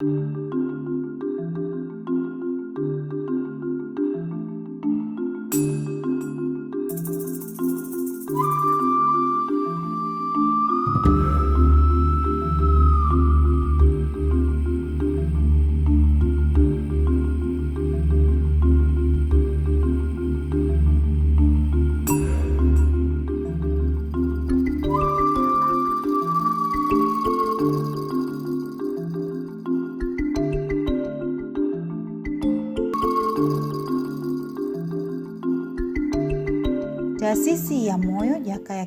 thank you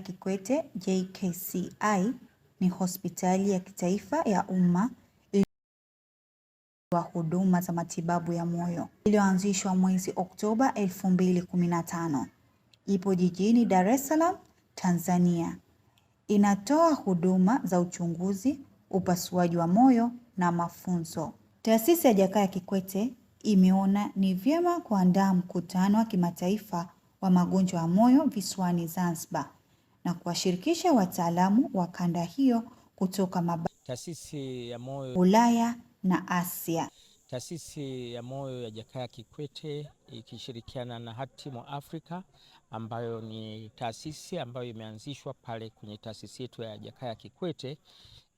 Kikwete JKCI ni hospitali ya kitaifa ya umma wa huduma za matibabu ya moyo iliyoanzishwa mwezi Oktoba 2015. Ipo jijini Dar es Salaam, Tanzania. Inatoa huduma za uchunguzi, upasuaji wa moyo na mafunzo. Taasisi ya Jakaya Kikwete imeona ni vyema kuandaa mkutano wa kimataifa wa magonjwa ya moyo visiwani Zanzibar na kuwashirikisha wataalamu wa kanda hiyo kutoka mabara Taasisi ya Moyo Ulaya na Asia. Taasisi ya Moyo ya Jakaya Kikwete ikishirikiana na Hatimu Afrika ambayo ni taasisi ambayo imeanzishwa pale kwenye taasisi yetu ya Jakaya Kikwete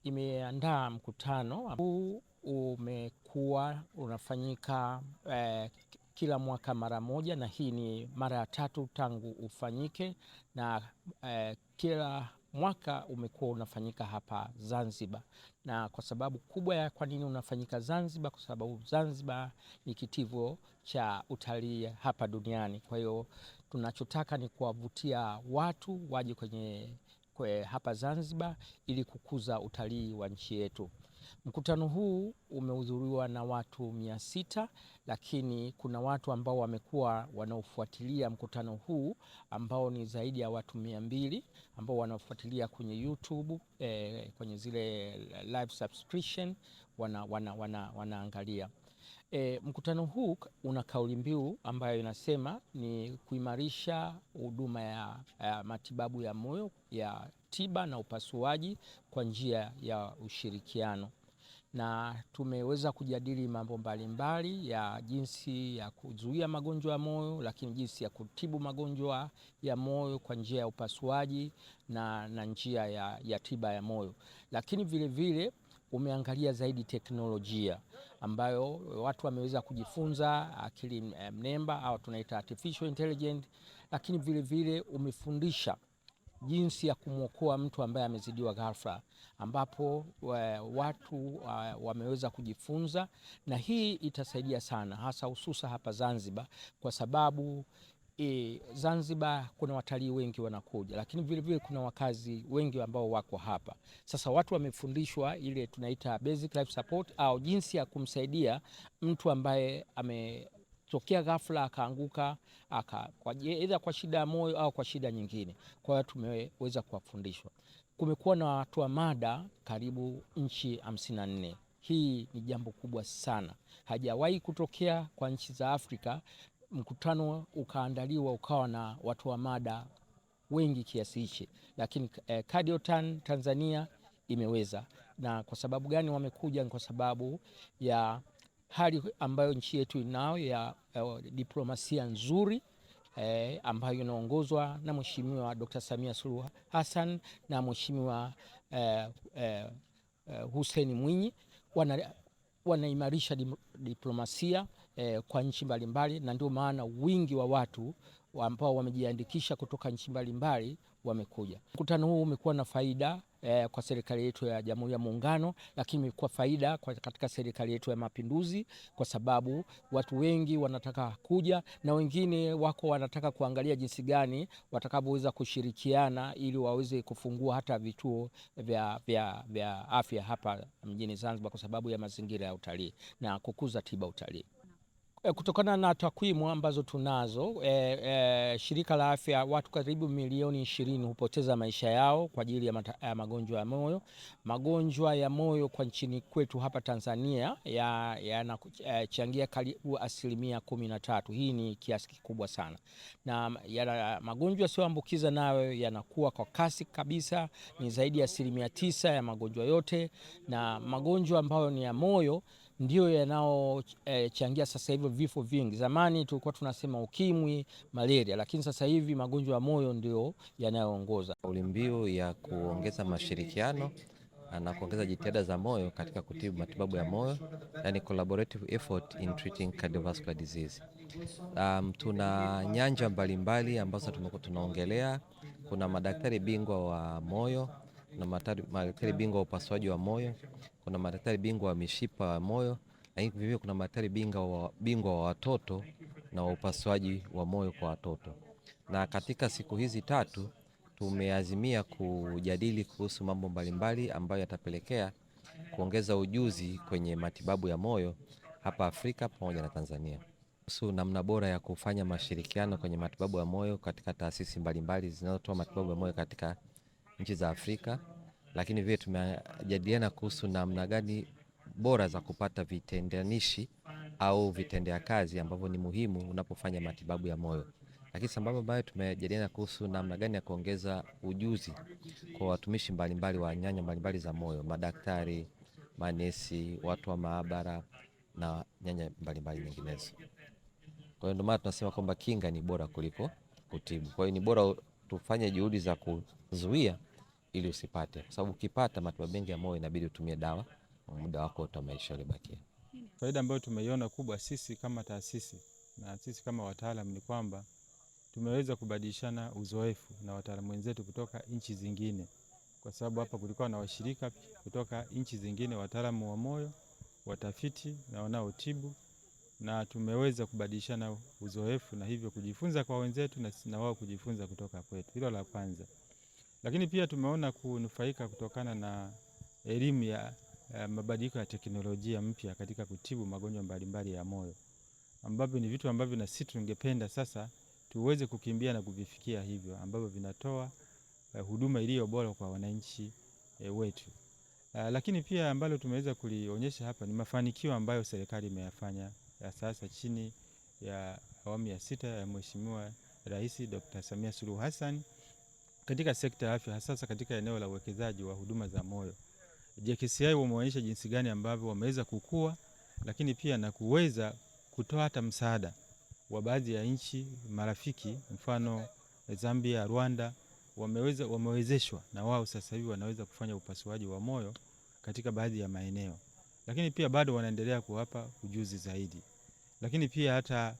imeandaa mkutano huu umekuwa unafanyika eh, kila mwaka mara moja, na hii ni mara ya tatu tangu ufanyike, na eh, kila mwaka umekuwa unafanyika hapa Zanzibar, na kwa sababu kubwa ya kwa nini unafanyika Zanzibar, kwa sababu Zanzibar ni kitivo cha utalii hapa duniani. Kwa hiyo tunachotaka ni kuwavutia watu waje kwenye kwe hapa Zanzibar ili kukuza utalii wa nchi yetu. Mkutano huu umehudhuriwa na watu mia sita, lakini kuna watu ambao wamekuwa wanaofuatilia mkutano huu ambao ni zaidi ya watu mia mbili ambao wanaofuatilia kwenye YouTube eh, kwenye zile live subscription wana, wana, wana, wanaangalia eh, mkutano huu una kauli mbiu ambayo inasema ni kuimarisha huduma ya, ya matibabu ya moyo ya tiba na upasuaji kwa njia ya ushirikiano na tumeweza kujadili mambo mbalimbali ya jinsi ya kuzuia magonjwa ya moyo, lakini jinsi ya kutibu magonjwa ya moyo kwa njia ya upasuaji na, na njia ya, ya tiba ya moyo, lakini vilevile vile, umeangalia zaidi teknolojia ambayo watu wameweza kujifunza akili eh, mnemba au tunaita artificial intelligence, lakini vilevile vile umefundisha jinsi ya kumwokoa mtu ambaye amezidiwa ghafla, ambapo watu wameweza kujifunza, na hii itasaidia sana, hasa hususa hapa Zanzibar kwa sababu E, Zanzibar kuna watalii wengi wanakuja, lakini vilevile kuna wakazi wengi ambao wako hapa. Sasa watu wamefundishwa ile tunaita basic life support au jinsi ya kumsaidia mtu ambaye ame tokea ghafla akaanguka aka aidha kwa shida ya moyo au kwa shida nyingine. Kwa hiyo tumeweza kuwafundishwa. Kumekuwa na watu wa mada karibu nchi hamsini na nne. Hii ni jambo kubwa sana, hajawahi kutokea kwa nchi za Afrika mkutano ukaandaliwa ukawa na watu wa mada wengi kiasi hichi, lakini eh, CardioTan Tanzania imeweza. Na kwa sababu gani wamekuja? Ni kwa sababu ya hali ambayo nchi yetu inayo ya uh, diplomasia nzuri eh, ambayo inaongozwa na Mheshimiwa Dr. Samia Suluhu Hassan na Mheshimiwa eh, eh, eh Hussein Mwinyi wana wanaimarisha diplomasia eh, kwa nchi mbalimbali, na ndio maana wingi wa watu ambao wamejiandikisha kutoka nchi mbalimbali wamekuja. Mkutano huu umekuwa na faida eh, kwa serikali yetu ya Jamhuri ya Muungano, lakini kwa faida kwa katika serikali yetu ya Mapinduzi, kwa sababu watu wengi wanataka kuja na wengine wako wanataka kuangalia jinsi gani watakavyoweza kushirikiana ili waweze kufungua hata vituo vya, vya, vya afya hapa mjini Zanzibar kwa sababu ya mazingira ya utalii na kukuza tiba utalii. Eh, kutokana na takwimu ambazo tunazo e, e, shirika la afya, watu karibu milioni ishirini hupoteza maisha yao kwa ajili ya, ya magonjwa ya moyo. Magonjwa ya moyo kwa nchini kwetu hapa Tanzania yanachangia ya karibu asilimia kumi na tatu. Hii ni kiasi kikubwa sana, na ya, magonjwa yasiyoambukiza nayo yanakuwa kwa kasi kabisa, ni zaidi ya asilimia tisa ya magonjwa yote, na magonjwa ambayo ni ya moyo ndio yanaochangia eh, e, sasa hivyo vifo vingi. Zamani tulikuwa tunasema ukimwi, malaria, lakini sasa hivi magonjwa ya moyo ndio yanayoongoza. Kauli mbiu ya kuongeza mashirikiano ah, na kuongeza jitihada za moyo katika kutibu matibabu ya moyo, yani collaborative effort in treating cardiovascular disease. Um, tuna nyanja mbalimbali mbali ambazo tumekuwa tunaongelea. Kuna madaktari bingwa wa moyo na madaktari bingwa wa upasuaji wa moyo, kuna madaktari bingwa wa mishipa ya moyo, lakini vivyo kuna madaktari bingwa wa watoto na wa upasuaji wa moyo kwa watoto. Na katika siku hizi tatu tumeazimia kujadili kuhusu mambo mbalimbali ambayo yatapelekea kuongeza ujuzi kwenye matibabu ya moyo hapa Afrika pamoja na Tanzania kuhusu namna bora ya kufanya mashirikiano kwenye matibabu ya moyo katika taasisi mbalimbali zinazotoa matibabu ya moyo katika nchi za Afrika lakini vile tumejadiliana kuhusu namna gani bora za kupata vitendanishi au vitendea kazi ambavyo ni muhimu unapofanya matibabu ya moyo. Lakini sambamba ambayo tumejadiliana kuhusu namna gani ya kuongeza ujuzi kwa watumishi mbalimbali wa nyanja mbalimbali za moyo, madaktari, manesi, watu wa maabara na nyanja mbalimbali nyinginezo. Kwa hiyo ndio maana tunasema kwamba kinga ni bora kuliko kutibu. Kwa hiyo ni bora tufanye juhudi za kuzuia ili usipate, kwa sababu ukipata matibabu mengi ya moyo inabidi utumie dawa muda wako wote wa maisha uliobakia. Faida ambayo tumeiona kubwa sisi kama taasisi na sisi kama wataalam ni kwamba tumeweza kubadilishana uzoefu na wataalamu wenzetu kutoka nchi zingine, kwa sababu hapa kulikuwa na washirika kutoka nchi zingine, wataalamu wa moyo, watafiti na wanaotibu, na tumeweza kubadilishana uzoefu na hivyo kujifunza kwa wenzetu na wao kujifunza kutoka kwetu. Hilo la kwanza. Lakini pia tumeona kunufaika kutokana na elimu ya mabadiliko ya teknolojia mpya katika kutibu magonjwa mbalimbali ya moyo, ambavyo ni vitu ambavyo na sisi tungependa sasa tuweze kukimbia na kuvifikia hivyo, ambavyo vinatoa uh, huduma iliyo bora kwa wananchi uh, wetu. Uh, lakini pia ambalo tumeweza kulionyesha hapa ni mafanikio ambayo serikali imeyafanya ya sasa chini ya awamu ya sita ya Mheshimiwa Rais Dr. Samia Suluhu Hassan katika sekta ya afya, hasa katika eneo la uwekezaji wa huduma za moyo. JKCI wameonyesha jinsi gani ambavyo wameweza kukua, lakini pia na kuweza kutoa hata msaada wa baadhi ya nchi marafiki, mfano Zambia, Rwanda wameweza wamewezeshwa na wao sasa hivi wanaweza kufanya upasuaji wa moyo katika baadhi ya maeneo, lakini pia bado wanaendelea kuwapa ujuzi zaidi, lakini pia hata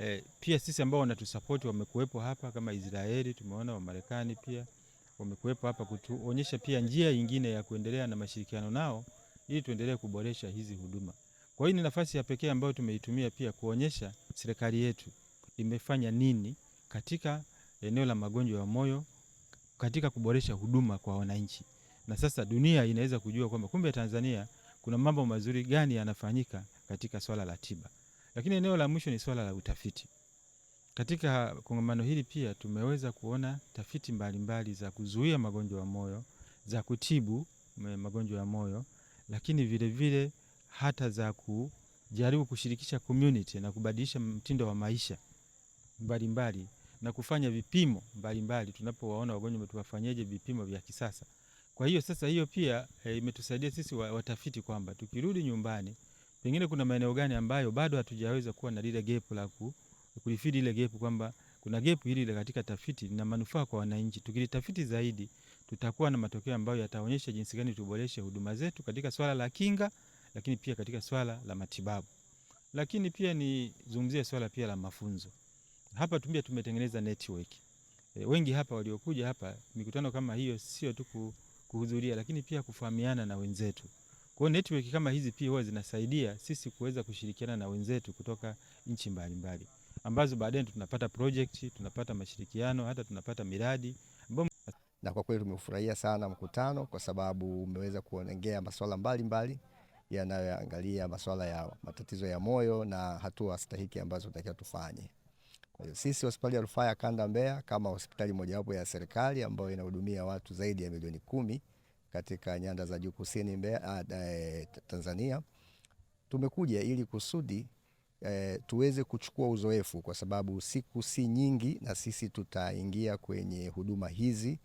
eh, pia sisi ambao wanatusapoti wamekuwepo hapa kama Israeli, tumeona Wamarekani pia wamekuwepo hapa kutuonyesha pia njia nyingine ya kuendelea na mashirikiano nao ili tuendelee kuboresha hizi huduma. Kwa hiyo ni nafasi ya pekee ambayo tumeitumia pia kuonyesha serikali yetu imefanya nini katika eneo la magonjwa ya moyo katika kuboresha huduma kwa wananchi, na sasa dunia inaweza kujua kwamba kumbe Tanzania kuna mambo mazuri gani yanafanyika katika swala la tiba. Lakini eneo la mwisho ni swala la utafiti. Katika kongamano hili pia tumeweza kuona tafiti mbalimbali mbali za kuzuia magonjwa ya moyo, za kutibu eh, magonjwa ya moyo, lakini vilevile vile hata za kujaribu kushirikisha community na kubadilisha mtindo wa maisha mbalimbali mbali, na kufanya vipimo mbalimbali tunapowaona wagonjwa tuwafanyeje vipimo vya kisasa. Kwa hiyo sasa hiyo pia eh, imetusaidia e, sisi watafiti kwamba tukirudi nyumbani Pengine kuna maeneo gani ambayo bado hatujaweza kuwa na lile gepu la kulifidi ile gepu kwamba kuna gepu hili katika tafiti na manufaa kwa wananchi. Tukilitafiti zaidi, tutakuwa na matokeo ambayo yataonyesha jinsi gani tuboreshe huduma zetu katika swala la kinga, lakini pia katika swala la matibabu. Lakini pia nizungumzie swala pia la mafunzo. Hapa Tumbia tumetengeneza network. E, wengi hapa waliokuja hapa mikutano kama hiyo sio tu kuhudhuria, lakini pia kufahamiana na wenzetu. Kwa network kama hizi pia huwa zinasaidia sisi kuweza kushirikiana na wenzetu kutoka nchi mbalimbali ambazo baadaye tunapata project, tunapata mashirikiano, hata tunapata miradi. Na kwa kweli tumefurahia sana mkutano kwa sababu umeweza kuongea masuala mbalimbali yanayoangalia masuala ya matatizo ya moyo na hatua stahiki ambazo tunatakiwa tufanye. Kwa hiyo sisi hospitali ya rufaa ya kanda Mbeya kama hospitali mojawapo ya serikali ambayo inahudumia watu zaidi ya milioni kumi katika nyanda za juu kusini Mbeya, ah, eh, Tanzania. Tumekuja ili kusudi eh, tuweze kuchukua uzoefu, kwa sababu siku si nyingi na sisi tutaingia kwenye huduma hizi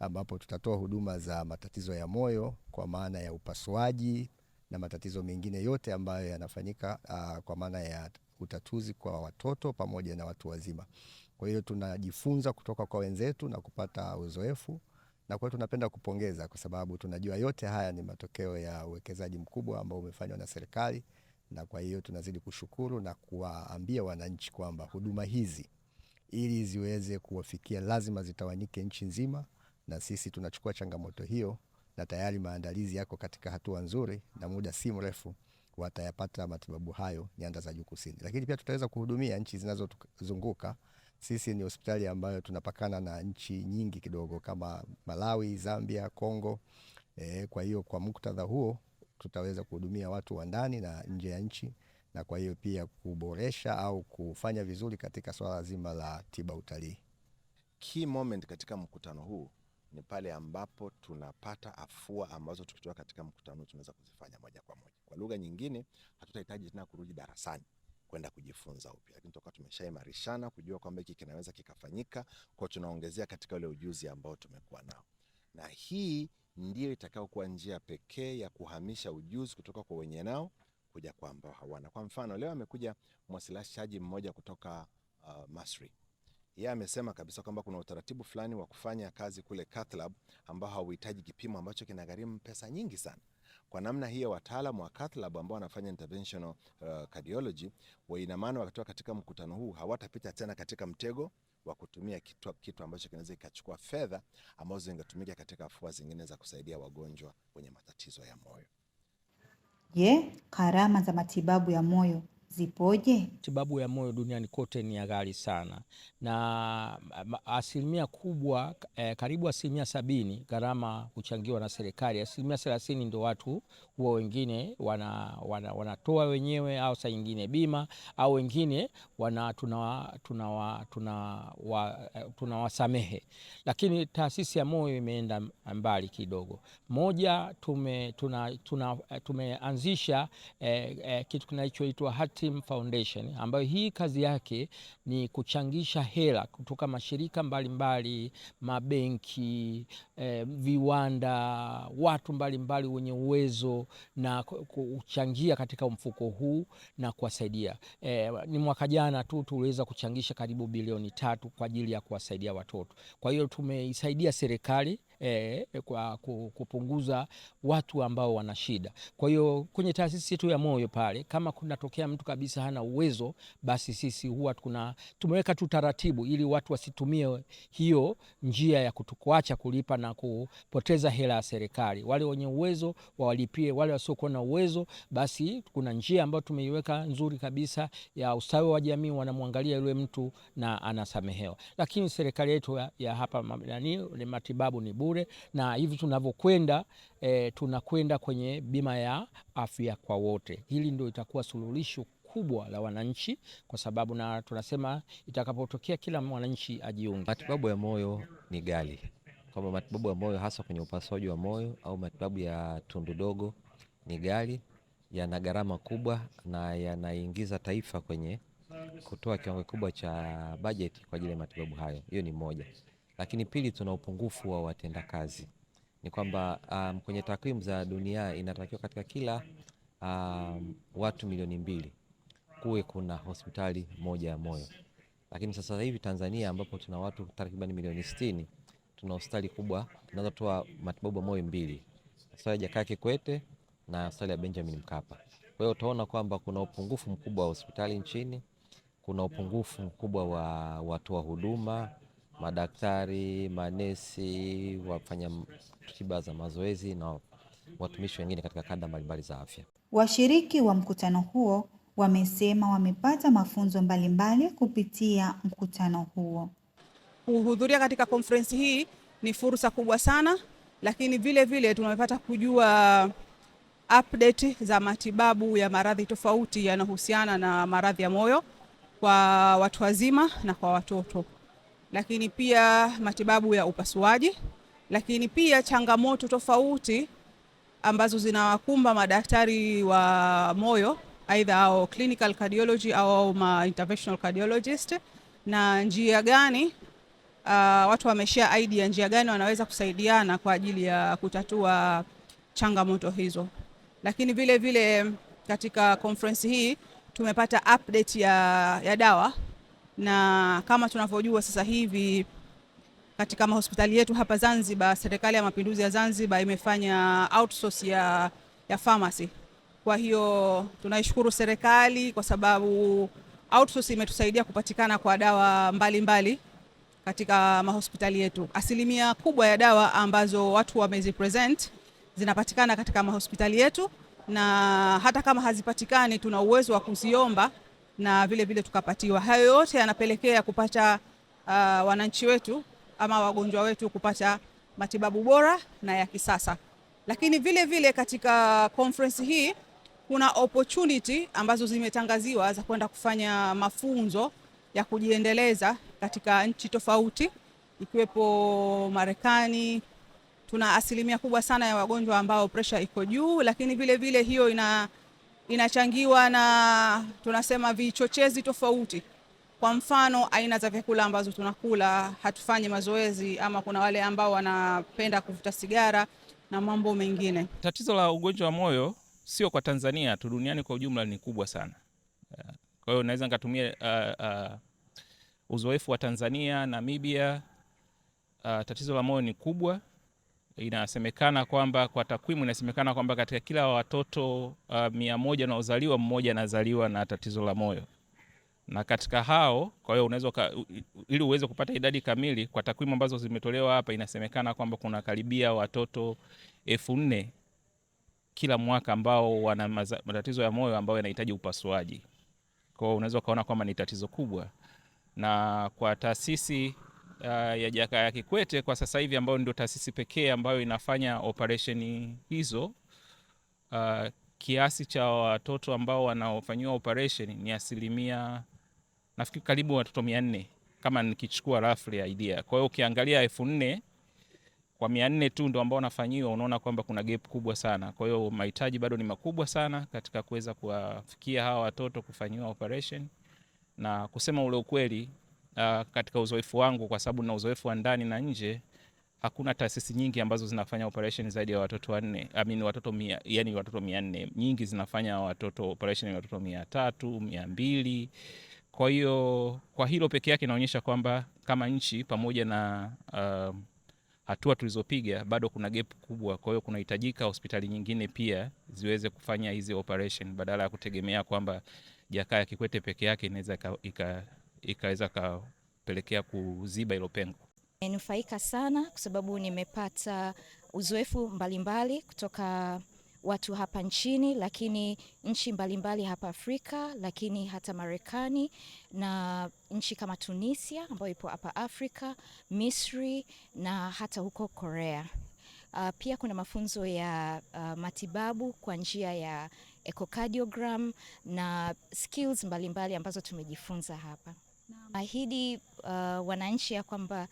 ambapo tutatoa huduma za matatizo ya moyo kwa maana ya upasuaji na matatizo mengine yote ambayo yanafanyika uh, kwa maana ya utatuzi kwa watoto pamoja na watu wazima. Kwa hiyo tunajifunza kutoka kwa wenzetu na kupata uzoefu na kwa hiyo tunapenda kupongeza kwa sababu tunajua yote haya ni matokeo ya uwekezaji mkubwa ambao umefanywa na serikali, na kwa hiyo tunazidi kushukuru na kuwaambia wananchi kwamba huduma hizi ili ziweze kuwafikia lazima zitawanyike nchi nzima, na sisi tunachukua changamoto hiyo, na tayari maandalizi yako katika hatua nzuri, na muda si mrefu watayapata matibabu hayo nyanda za juu kusini, lakini pia tutaweza kuhudumia nchi zinazozunguka. Sisi ni hospitali ambayo tunapakana na nchi nyingi kidogo kama Malawi, Zambia, Kongo. E, eh, kwa hiyo kwa muktadha huo tutaweza kuhudumia watu wa ndani na nje ya nchi, na kwa hiyo pia kuboresha au kufanya vizuri katika swala zima la tiba utalii. Key moment katika mkutano huu ni pale ambapo tunapata afua ambazo tukitoka katika mkutano tunaweza kuzifanya moja kwa moja. Kwa lugha nyingine, hatutahitaji tena kurudi darasani kwenda kujifunza upya, lakini tutakuwa tumeshaimarishana kujua kwamba hiki kinaweza kikafanyika, kwa tunaongezea katika ule ujuzi ambao tumekuwa nao, na hii ndio itakayokuwa njia pekee ya kuhamisha ujuzi kutoka kwa wenye nao kuja kwa ambao hawana. Kwa mfano leo amekuja mwasilishaji mmoja kutoka uh, Masri yeye amesema kabisa kwamba kuna utaratibu fulani wa kufanya kazi kule Catlab ambao hauhitaji kipimo ambacho kinagharimu pesa nyingi sana. Kwa namna hiyo, wataalamu wa cath lab ambao wanafanya interventional uh, cardiology ina maana wakitoka katika mkutano huu hawatapita tena katika mtego wa kutumia kitu, kitu ambacho kinaweza kikachukua fedha ambazo zingetumika katika afua zingine za kusaidia wagonjwa wenye matatizo ya moyo. Je, gharama za matibabu ya moyo zipoje? Matibabu ya moyo duniani kote ni ya ghali sana, na asilimia kubwa eh, karibu asilimia sabini gharama huchangiwa na serikali, asilimia thelathini ndio watu huwa wengine wanatoa wana, wanatoa wenyewe au saa nyingine bima au wengine wana tunawasamehe tuna, tuna, tuna, tuna, lakini taasisi ya moyo imeenda mbali kidogo. Moja tumeanzisha tume, tuna, tume eh, eh, kitu kinachoitwa Team Foundation ambayo hii kazi yake ni kuchangisha hela kutoka mashirika mbalimbali mbali, mabenki eh, viwanda, watu mbalimbali mbali wenye uwezo na kuchangia katika mfuko huu na kuwasaidia eh, ni mwaka jana tu tuliweza kuchangisha karibu bilioni tatu kwa ajili ya kuwasaidia watoto. Kwa hiyo tumeisaidia serikali eh, kwa kupunguza watu ambao wana shida. Kwa hiyo kwenye taasisi yetu ya moyo pale, kama kunatokea mtu kabisa hana uwezo, basi sisi huwa tuna tumeweka tu taratibu ili watu wasitumie hiyo njia ya kutukuacha kulipa na kupoteza hela ya serikali. Wale wenye uwezo wawalipie, wale wasiokuwa na uwezo, basi kuna njia ambayo tumeiweka nzuri kabisa ya ustawi wa jamii, wanamwangalia yule mtu na anasamehewa. Lakini serikali yetu ya hapa nani, matibabu ni bu bure, na hivi tunavyokwenda e, tunakwenda kwenye bima ya afya kwa wote. Hili ndio itakuwa suluhisho kubwa la wananchi, kwa sababu na tunasema itakapotokea kila mwananchi ajiunge. Matibabu ya moyo ni ghali, kwamba matibabu ya moyo hasa kwenye upasuaji wa moyo au matibabu ya tundu dogo ni ghali, yana gharama kubwa na yanaingiza taifa kwenye kutoa kiwango kikubwa cha bajeti kwa ajili ya matibabu hayo. Hiyo ni moja. Lakini pili, tuna upungufu wa watendakazi. Ni kwamba um, kwenye takwimu za dunia inatakiwa katika kila um, watu milioni mbili kuwe kuna hospitali moja ya moyo, lakini sasa hivi Tanzania ambapo tuna watu takriban milioni sitini tuna hospitali kubwa tunazotoa matibabu ya moyo mbili, hospitali ya Jakaya Kikwete na hospitali ya Benjamin Mkapa. Kwa hiyo utaona kwamba kuna upungufu mkubwa wa hospitali nchini, kuna upungufu mkubwa wa watoa huduma madaktari, manesi, wafanya tiba za mazoezi na watumishi wengine katika kada mbalimbali za afya. Washiriki wa mkutano huo wamesema wamepata mafunzo mbalimbali kupitia mkutano huo. Kuhudhuria katika konferensi hii ni fursa kubwa sana, lakini vile vile tumepata kujua update za matibabu ya maradhi tofauti yanayohusiana na maradhi ya moyo kwa watu wazima na kwa watoto lakini pia matibabu ya upasuaji, lakini pia changamoto tofauti ambazo zinawakumba madaktari wa moyo aidha au clinical cardiology au ma interventional cardiologist, na njia gani uh, watu wameshare idea ya njia gani wanaweza kusaidiana kwa ajili ya kutatua changamoto hizo. Lakini vile vile katika conference hii tumepata update ya, ya dawa na kama tunavyojua sasa hivi katika mahospitali yetu hapa Zanzibar, serikali ya mapinduzi ya Zanzibar imefanya outsource ya, ya pharmacy. Kwa hiyo tunaishukuru serikali kwa sababu outsource imetusaidia kupatikana kwa dawa mbalimbali mbali katika mahospitali yetu. Asilimia kubwa ya dawa ambazo watu wamezipresent zinapatikana katika mahospitali yetu, na hata kama hazipatikani tuna uwezo wa kuziomba na vile vile tukapatiwa. Hayo yote yanapelekea kupata uh, wananchi wetu ama wagonjwa wetu kupata matibabu bora na ya kisasa. Lakini vile vile katika conference hii kuna opportunity ambazo zimetangaziwa za kwenda kufanya mafunzo ya kujiendeleza katika nchi tofauti ikiwepo Marekani. Tuna asilimia kubwa sana ya wagonjwa ambao pressure iko juu, lakini vile vile hiyo ina inachangiwa na tunasema vichochezi tofauti. Kwa mfano aina za vyakula ambazo tunakula, hatufanyi mazoezi, ama kuna wale ambao wanapenda kuvuta sigara na mambo mengine. Tatizo la ugonjwa wa moyo sio kwa Tanzania tu, duniani kwa ujumla ni kubwa sana. Eh, kwa hiyo naweza nikatumia uh, uh, uzoefu wa Tanzania, Namibia. Uh, tatizo la moyo ni kubwa inasemekana kwamba kwa takwimu inasemekana kwamba katika kila watoto uh, mia moja wanaozaliwa mmoja anazaliwa na tatizo la moyo, na katika hao, kwa hiyo unaweza ili uweze kupata idadi kamili, kwa takwimu ambazo zimetolewa hapa, inasemekana kwamba kuna karibia watoto elfu nne kila mwaka ambao wana matatizo ya moyo ambayo yanahitaji upasuaji. Kwa hiyo unaweza ukaona kwamba ni tatizo kubwa, na kwa taasisi uh, ya Jakaya Kikwete kwa sasa hivi ambayo ndio taasisi pekee ambayo inafanya operesheni hizo uh, kiasi cha watoto ambao wanaofanyiwa operesheni ni asilimia nafikiri karibu watoto mia nne kama nikichukua roughly idea. Kwa hiyo ukiangalia elfu nne kwa mia nne tu ndo ambao wanafanyiwa, unaona kwamba kuna gap kubwa sana. Kwa hiyo mahitaji bado ni makubwa sana katika kuweza kuwafikia hawa watoto kufanyiwa operation, na kusema ule ukweli uh, katika uzoefu wangu, kwa sababu na uzoefu wa ndani na nje, hakuna taasisi nyingi ambazo zinafanya operation zaidi ya watoto wanne I mean, watoto mia, yani watoto mia nne. Nyingi zinafanya watoto operation ya watoto mia tatu mia mbili kwa hiyo kwa hilo peke yake inaonyesha kwamba kama nchi pamoja na uh, hatua tulizopiga bado kuna gap kubwa. Kwa hiyo kunahitajika hospitali nyingine pia ziweze kufanya hizi operation badala ya kutegemea kwamba Jakaya Kikwete peke yake inaweza ika ikaweza kapelekea kuziba hilo pengo. Nimenufaika sana kwa sababu nimepata uzoefu mbalimbali kutoka watu hapa nchini, lakini nchi mbalimbali hapa Afrika, lakini hata Marekani na nchi kama Tunisia ambayo ipo hapa Afrika, Misri na hata huko Korea. Uh, pia kuna mafunzo ya uh, matibabu kwa njia ya echocardiogram na skills mbalimbali mbali ambazo tumejifunza hapa ahidi uh, wananchi ya kwamba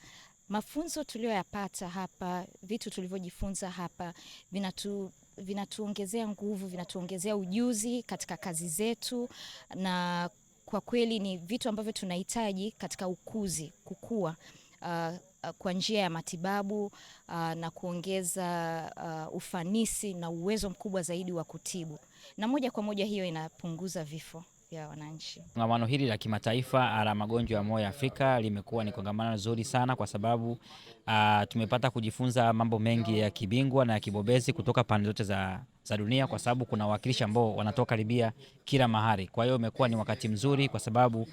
mafunzo tuliyoyapata hapa, vitu tulivyojifunza hapa vinatu vinatuongezea nguvu, vinatuongezea ujuzi katika kazi zetu, na kwa kweli ni vitu ambavyo tunahitaji katika ukuzi, kukua uh, kwa njia ya matibabu uh, na kuongeza uh, ufanisi na uwezo mkubwa zaidi wa kutibu, na moja kwa moja hiyo inapunguza vifo ya wananchi. Kongamano hili la kimataifa ah, la magonjwa ya moyo Afrika limekuwa ni kongamano zuri sana kwa sababu uh, tumepata kujifunza mambo mengi ya kibingwa na ya kibobezi kutoka pande zote za, za dunia kwa sababu kuna wawakilishi ambao wanatoka karibia kila mahali. Kwa hiyo umekuwa ni wakati mzuri kwa sababu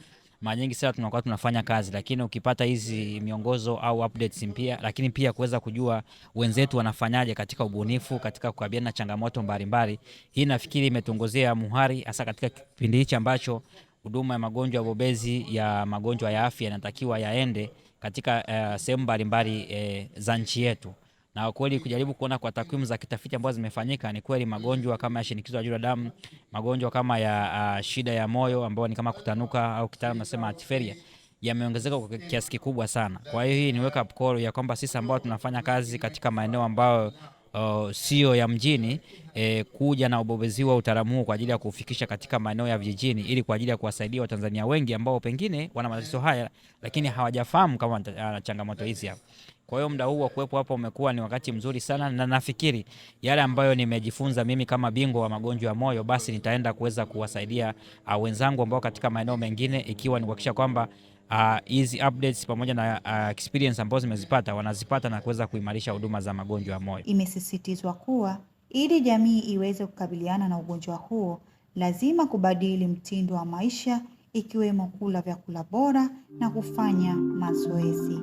mara nyingi sasa tunakuwa tunafanya kazi, lakini ukipata hizi miongozo au updates mpya, lakini pia kuweza kujua wenzetu wanafanyaje katika ubunifu, katika kukabiliana na changamoto mbalimbali. Hii nafikiri imetongozea muhari, hasa katika kipindi hichi ambacho huduma ya magonjwa ya bobezi ya magonjwa ya afya yanatakiwa yaende katika uh, sehemu mbalimbali uh, za nchi yetu na kweli kujaribu kuona kwa takwimu za kitafiti ambazo zimefanyika ni kweli magonjwa kama ya shinikizo la juu la damu, magonjwa kama ya uh, shida ya moyo ambayo ni kama kutanuka au kitaalamu nasema heart failure yameongezeka kwa kiasi kikubwa sana. Kwa hiyo hii ni wake up call ya kwamba sisi ambao tunafanya kazi katika maeneo ambayo uh, sio ya mjini eh, kuja na ubobezi wa utaalamu huu kwa ajili ya kufikisha katika maeneo ya vijijini ili kwa ajili ya kuwasaidia Watanzania wengi ambao pengine wana matatizo haya lakini hawajafahamu kama uh, changamoto hizi hapa. Kwa hiyo muda huu wa kuwepo hapa umekuwa ni wakati mzuri sana, na nafikiri yale ambayo nimejifunza mimi kama bingwa wa magonjwa ya moyo, basi nitaenda kuweza kuwasaidia uh, wenzangu ambao katika maeneo mengine, ikiwa ni kuhakikisha kwamba ah, hizi uh, updates pamoja na uh, experience ambazo zimezipata wanazipata na kuweza kuimarisha huduma za magonjwa ya moyo. Imesisitizwa kuwa ili jamii iweze kukabiliana na ugonjwa huo, lazima kubadili mtindo wa maisha, ikiwemo kula vyakula bora na kufanya mazoezi.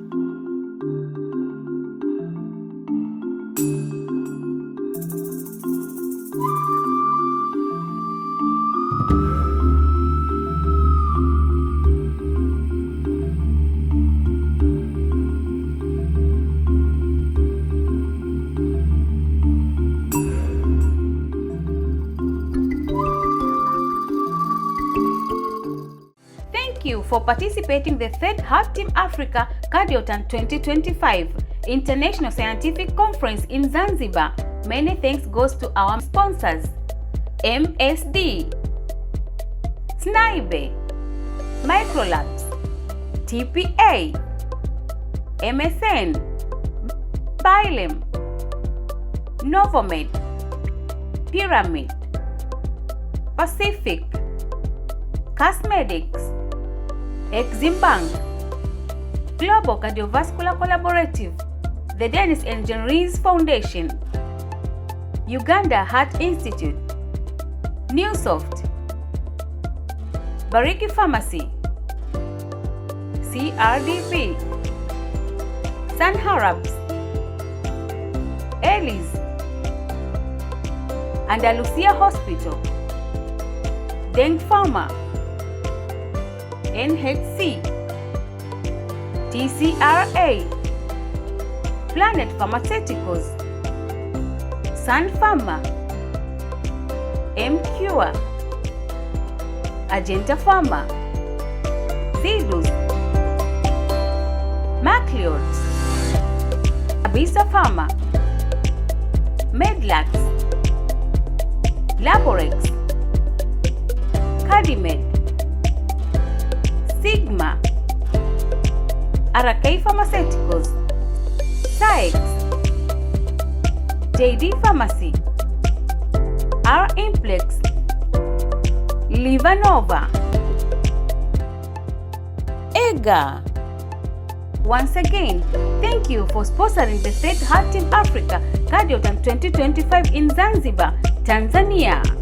for participating the third Heart Team Africa Cardiotan 2025 International Scientific Conference in Zanzibar. Many thanks goes to our sponsors MSD, Snibe, Microlabs, TPA, MSN, Bilem, Novomed, Pyramid, Pacific, Cosmetics, Exim Bank, Global Cardiovascular Collaborative, the Dennis and John Rees Foundation, Uganda Heart Institute, Newsoft, Bariki Pharmacy, CRDP, Sanharabs, Elis, Andalusia Hospital, Deng Pharma NHC, TCRA, Planet Pharmaceuticals, Sun Pharma, Mcure, Agenta Pharma, Zydus, Macleod, Abisa Pharma, Medlax, Laborex, Cardimed Sigma, RK Pharmaceuticals, Sykes, JD Pharmacy, R-Implex, Livanova, Ega. Once again, thank you for sponsoring the State Heart in Africa Cardio 2025 in Zanzibar, Tanzania.